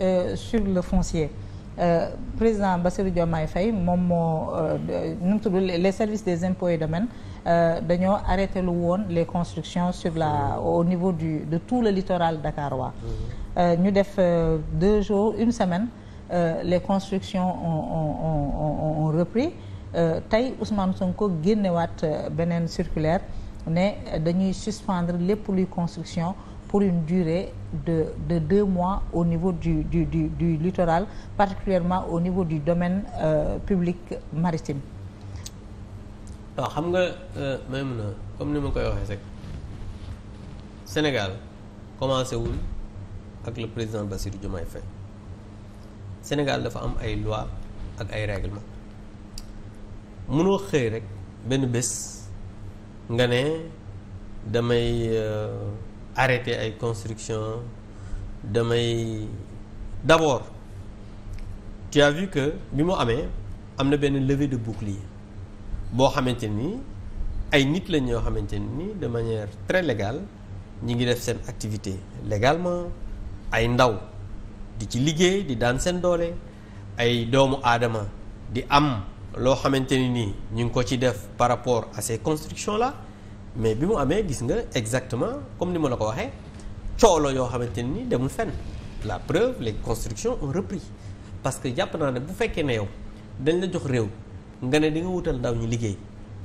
Euh, sur le foncier euh, président Bassirou Diomaye Faye moom moo euh, nu mu tudd les services des impôts et domaines dañoo arrêté lu woon les constructions sur la au niveau du de tout le littoral dakarois ñu def deux jours une semaine les constructions ont ont ont ont repris tey Ousmane Sonko génnewaat beneen circulaire ne dañuy suspendre lépp luy construction pour une durée de de deux mois au niveau du du du du littoral particulièrement au niveau du domaine euh, public maritime. waaw xam nga euh, même na comme ni ma koy waxee rek Sénégal commencé wul ak le président Bassirou Diomaye Faye Sénégal dafa am ay loi ak ay règlement mënoo xëy rek benn bés nga ne damay. Euh, arrêté ay construction damay d'abord tu as vu que bi mu amee am na benn levée de lii boo xamante ni ay nit lañ ñoo xamante ni de manière très légale ñi ngi def seen activité légalement ay ndaw di ci liggéey di daan seen doole ay doomu aadama di am loo xamante ni ñu ngi ko ci def par rapport à ces constructions la mais bi mu amee gis nga exactement comme ni ma la ko waxee coolo yoo xamante ni demul fenn la preuve les constructions ont repris parce que jàpp naa ne bu fekkee ne yow dañ la jox réew nga ne di nga wutal ndaw ñi liggéey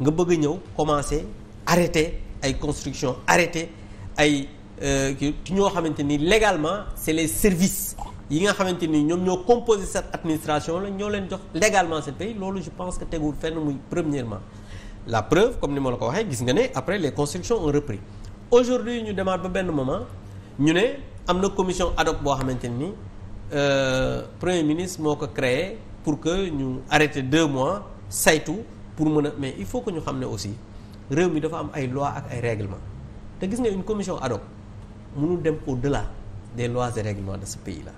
nga bëgg a ñëw commencé arrêté ay construction arrêter ay ci euh, ñoo xamante ni légalement c'est les services yi nga xamante ni ñoom ñoo composé cette administration la ñoo leen jox légalement seen pays loolu je pense que tegul fenn muy premièrement la preuve comme ni ma la ko waxee gis nga ne après les constructions ont repris aujourd'hui ñu demaat ba benn moment ñu ne am na commission ad hoc boo xamante ni euh, premier ministre moo ko créer pour que ñu arrêté deux mois saytu pour mën a mais il faut que ñu xam ne aussi réew mi dafa am ay lois ak ay règlements te gis nga une commission ad hoc mënul dem au-delà des lois et règlements de ce pays là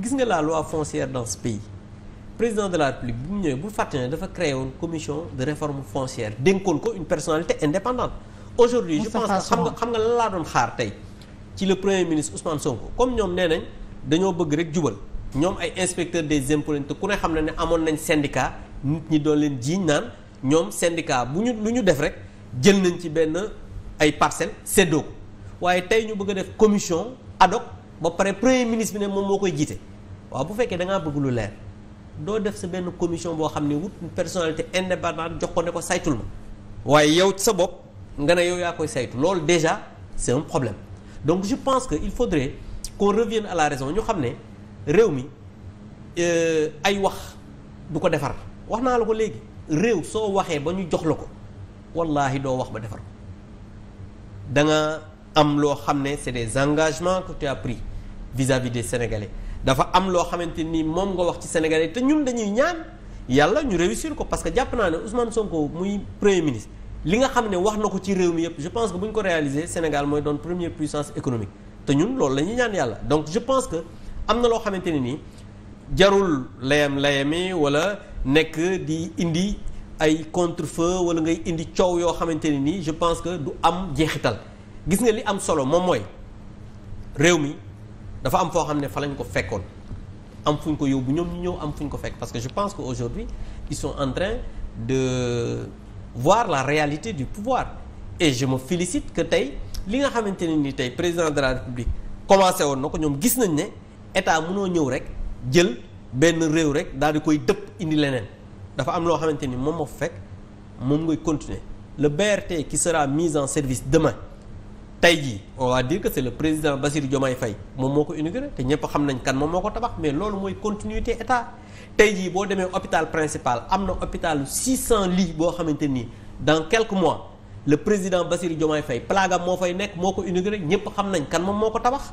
gis nga la loi foncière dans ce pays président de la république bu mu ñëwee bul fàtte ne dafa créé woon commission de réforme foncière dénkoon ko une personnalité indépendante aujourd'hui je pense xam nga xam nga lan laa doon xaar tey ci le premier ministre Ousmane Sonko comme ñoom neenañ nañ dañoo bëgg rek jubal ñoom ay inspecteur des impôts lañ te ku ne xam na ne amoon nañ syndicat nit ñi doon leen jiiñ naan ñoom syndicat bu ñu lu ñu def rek jël nañ ci benn ay parcelles séddoo ko waaye tey ñu bëgg def commission ad ba pare premier ministre bi moom moo koy jiite waaw bu fekkee da bëgg lu leer doo def sa benn commission boo xam ne wut personnalité indépendant jox ko ne ko saytul ma waaye yow sa bopp nga ne yow yaa koy saytu loolu déjà c'est un problème donc je pense que il faudrait qu'on revienne à la raison ñu xam ne réew mi euh, ay wax du ko defar wax naa la ko léegi réew soo waxee ba ñu jox la ko wallaahi doo wax ba defar ko da nga am loo xam ne c'est des engagements que tu as pris vis-à-vis des Sénégalais dafa am loo xamante ni moom nga wax ci Sénégalais te ñun dañuy ñaan yàlla ñu réussir ko parce que jàpp naa ne Ousmane Sonko muy premier ministre li nga xam ne wax na ko ci réew mi yëpp je pense que bu ñu ko réaliser Sénégal mooy doon première puissance économique te ñun loolu la ñuy ñaan yàlla donc je pense que am na loo xamante ne nii jarul layam layami wala nekk di indi ay contre-feu wala ngay indi coow yoo xamante ne nii je pense que du am jeexital gis nga li am solo moom mooy réew mi. dafa am foo xam ne fa lañ ko fekkoon am fu ñu ko yóbbu ñoom ñu ñëw am fu ñu ko fekk parce que je pense que aujourd'hui ils sont en train de voir la réalité du pouvoir et je me félicite que tey li nga xamante ne ni tey président de la république commencé woon na ko ñoom gis nañ ne état munoo ñëw rek jël benn réew rek daal di koy dëpp indi leneen dafa am loo xamante ni moom moo fekk moom ngay continuer le BRT qui sera mise en service demain tey jii on va dire que c'est le président Bassirou Diomaye fay moom moo ko inauguré te ñëpp xam nañ kan moom moo ko tabax mais loolu mooy continuité état tey jii boo demee hôpital principal am na hôpital 600 lits boo xamante nii dans quelques mois le président Bassirou Diomaye Faye plagam moo fay nekk moo ko inauguré ñëpp xam nañ kan moom moo ko tabax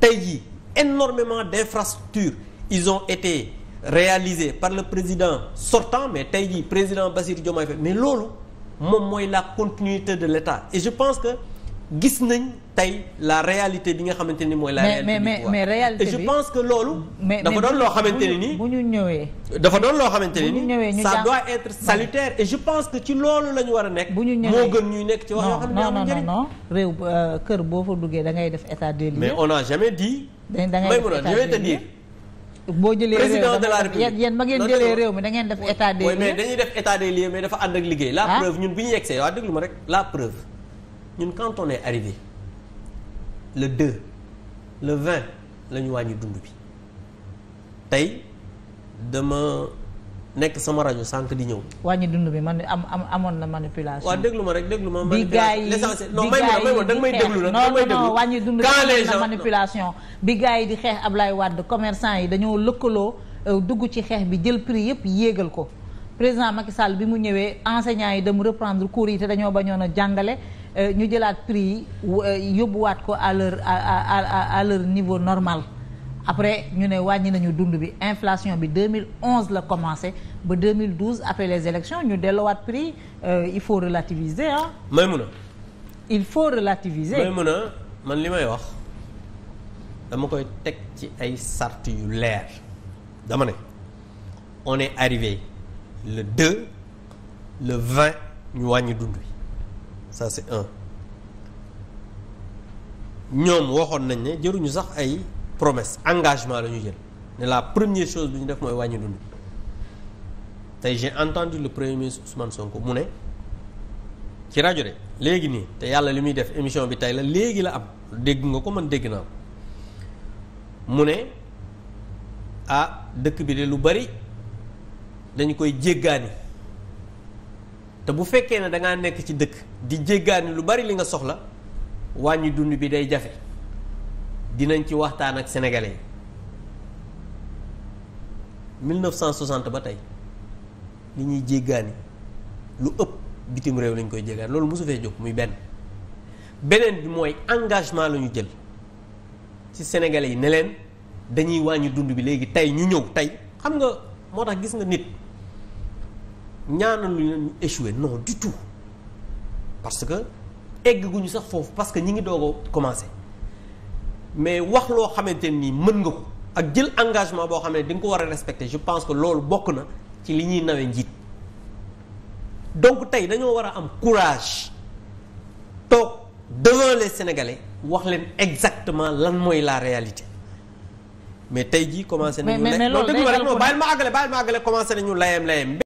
tey jii énormément d'infrastructures ils ont été réalisés par le président sortant tey jii président Bassirou Diomaye Faye loolu moom mooy la continuité de l'État et je pense que gis nañ tey la réalité bi nga xamante ni mooy. la réalité mais mais mais réalité que loolu. dafa doon loo xamante ne nii bu ñu ñëwee. dafa doon loo xamante ne nii ça doit être salutaire et je pense que ci loolu la ñu war a nekk. bu ñu ñëwee gën ñuy nekk ci wax yoo xam ne euh, kër boo fa duggee da ngay def état des mais on a jamais dit. da ngay def état des lieux te dire. la république yéen ma dafa ànd ak liggéey. la ah? preuve ñun bi ñu yegsee waa déglu ma rek la preuve ñun quand on arrivé le 2 le 20 lañu wàññi dund bi tey dama nekk sama rajo sànq di ñëw. wàññi dund bi man am am amoon na manipulation. waaw déglu ma rek déglu ma. di gars yi yi non may ma may ma danga may bi amoon manipulation. bi gars yi di xeex Ablaye Wade commerçant yi dañoo lëkkaloo euh, dugg ci xeex bi jël pris yëpp yéegal ko président Macky Sall bi mu ñëwee enseignants yi dem reprendre cours yi te dañoo bañoon a jàngale. Euh, ñu jëlaat pris yi euh, yóbbuwaat ko à leur à à leur niveau normal après ñu ne wàññi nañu dund bi inflation bi 2011 la commencé ba 2012 après les élections ñu delloowaat prix euh, il faut relativiser ah. may mun a. il faut relativiser may mun a man li may wax dama koy teg ci ay sart yu leer dama ne on est arrivé le 2 le 20 ñu wàññi dund bi. ça c'est un ñoom waxoon nañ ne jëruñu sax ay promesse engagement lañu jël ne la premier chose bi ñu def mooy wàññi dund tey j'ai entendu le premier ministre Ousmane Sonko mu ne ci rajo de léegi nii te yàlla li muy def émission bi tey la léegi la am dégg nga ko man dégg naa mu ne ah dëkk bi de lu bari dañu koy jéggaani te bu fekkee ne da nekk ci dëkk di jéggaani lu bari li nga soxla wàññi dund bi day jafe dinañ ci waxtaan ak sénégalais yi 1960 ba tey li ñuy jéggaani lu ëpp bitim réew lañ koy jéggaani loolu mosu fee jóg muy benn beneen bi mooy engagement la ñu jël ci sénégalais yi neleen dañuy wàññi dund bi léegi tey ñu ñëw tey xam nga moo tax gis nga nit ñaanaluñu leen ñu échoué non du tout parce que egg guñu sax foofu parce que ñi ngi doog a commencé mais wax loo xamante nii mën nga ko ak jël engagement boo xam ne di nga ko war a respecter je pense que loolu bokk na ci li ñuy nawe njiit donc tey dañoo war a am courage toog devant les sénégalais wax leen exactement lan mooy la réalité mais tey jii commencé nañu. mais mais mais loolu day commencé nañu layam layam.